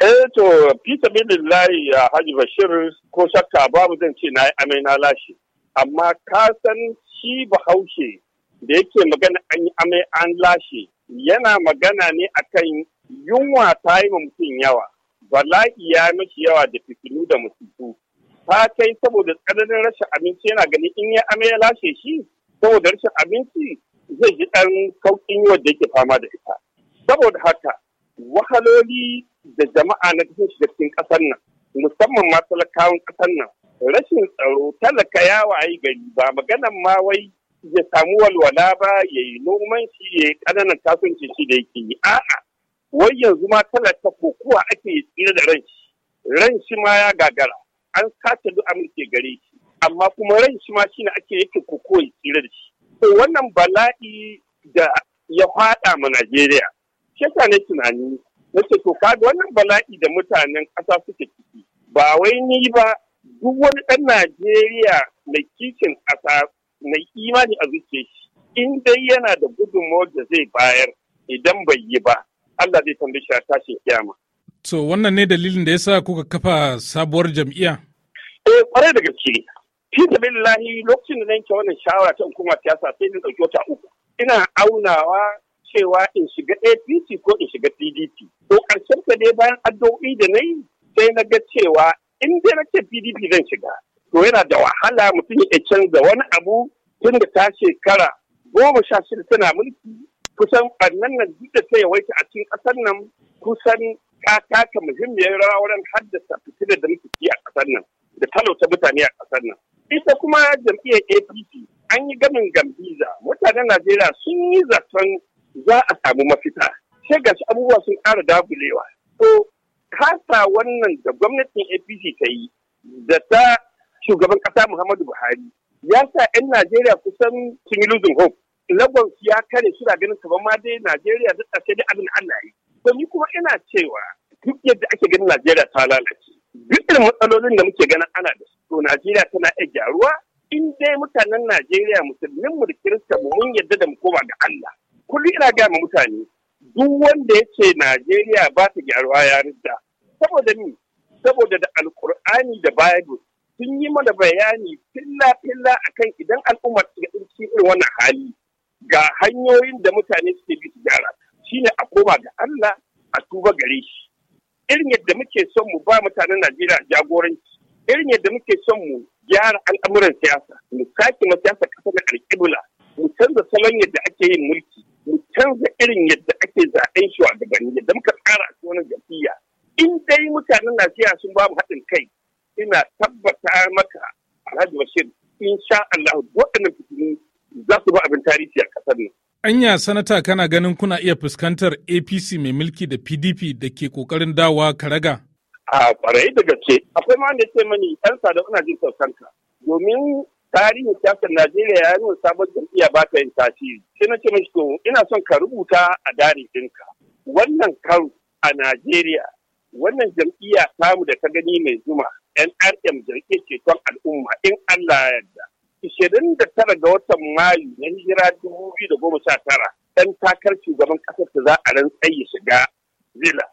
Eh to fita billahi ya Haji Bashir ko shakka babu zan ce na yi amai lashe. Amma ka san shi bahaushe da yake magana an yi amai an lashe yana magana ne akan yunwa ta yi mutum yawa. Bala'i ya yi mashi yawa da fitilu da musulku Ta kai saboda tsananin rashin abinci yana ganin in ya amai ya lashe shi saboda rashin abinci zai ji ɗan sauƙin yau da yake fama da ita. Saboda haka wahaloli da jama'a na cikin da cikin ƙasar nan musamman ma talakawan ƙasar nan rashin tsaro talaka ya wayi gari ba maganan ma wai ya samu walwala ba ya yi noman shi ya yi ƙananan kasuwanci shi da yake yi a'a wai yanzu ma talaka ko kuwa ake tsira da ran shi ran shi ma ya gagara an sace duk amince gare shi amma kuma ran shi ma shi ne ake yake koko ya tsira da shi to wannan bala'i da ya faɗa ma Najeriya yasa ne tunani, na ce to kaga wannan bala'i da mutanen ƙasa suke ciki. Ba wai ni ba duk wani ɗan Najeriya mai kishin ƙasa mai imani a zuciya shi. In dai yana da gudunmawar da zai bayar idan bai yi ba, Allah zai tambaye shi a tashin kiyama. To wannan ne dalilin da yasa kuka kafa sabuwar jam'iyya? Eh kwarai da gaske. Fi da lokacin da na yanke wannan shawara ta hukumar siyasa sai na ɗauki wata uku. Ina aunawa cewa in shiga APC ko in shiga PDP. To ƙarshen dai bayan addu'o'i da na yi sai na ga cewa in dai na ce PDP zan shiga. To yana da wahala mutum ya canza wani abu tun da ta shekara goma sha shida tana mulki kusan ɓannan nan duk da ta yawaita a cikin ƙasar nan kusan ta taka muhimmiyar rawa wurin haddasa fitilar da muke ci a ƙasar nan da talauta mutane a ƙasar nan. Ita kuma jam'iyyar APC an yi gamin gambiza mutanen Najeriya sun yi zaton za a samu mafita sai gashi abubuwa sun ƙara dagulewa to kasa wannan da gwamnatin apc ta yi da ta shugaban ƙasa muhammadu buhari ya sa 'yan najeriya kusan sun yi losing hope lagos ya kare suna ganin kamar ma dai najeriya da sai dai abin allah yi to ni kuma ina cewa duk yadda ake ganin najeriya ta lalace duk irin matsalolin da muke ganin ana da su, to najeriya tana iya gyaruwa in dai mutanen najeriya musulmin mu da kirista mu mun yadda da mu koma ga allah kullum ina gaya ma mutane duk wanda ya ce Najeriya ba ta gyaruwa ya ridda saboda ni saboda da alkur'ani da bible sun yi mana bayani filla filla a kan idan al'ummar ta cikin irin wannan hali ga hanyoyin da mutane suke bi su gyara shine a koma ga Allah a tuba gare shi irin yadda muke son mu ba mutanen Najeriya jagoranci irin yadda muke son mu gyara al'amuran siyasa mu sake ma siyasa kasar da alƙibla mu canza salon yadda ake yin mulki canza irin yadda ake zaɓen shugabanni yadda muka tsara a wani jam'iyya in dai mutanen Najeriya sun ba mu haɗin kai ina tabbata maka Alhaji Bashir sha Allah waɗannan fitini za su ba abin tarihi a ƙasar nan. Anya sanata kana ganin kuna iya fuskantar APC mai mulki da PDP da ke ƙoƙarin dawa karaga? A ƙwarai da gaske akwai ma da ce mani 'yan sadau ina jin saukanka domin tarihin siyasar Najeriya ya nuna sabon jam'iyya ba ta yin tasiri. Sai na ce mashi to ina son ka rubuta a dari ɗinka. Wannan karo a Najeriya wannan jam'iyya samu da ta gani mai zuma NRM jam'iyya ceton al'umma in Allah ya yarda. Ishirin da tara ga watan Mayu na hijira dubu biyu da goma sha tara ɗan takar shugaban ƙasar ta za a ran shiga zila.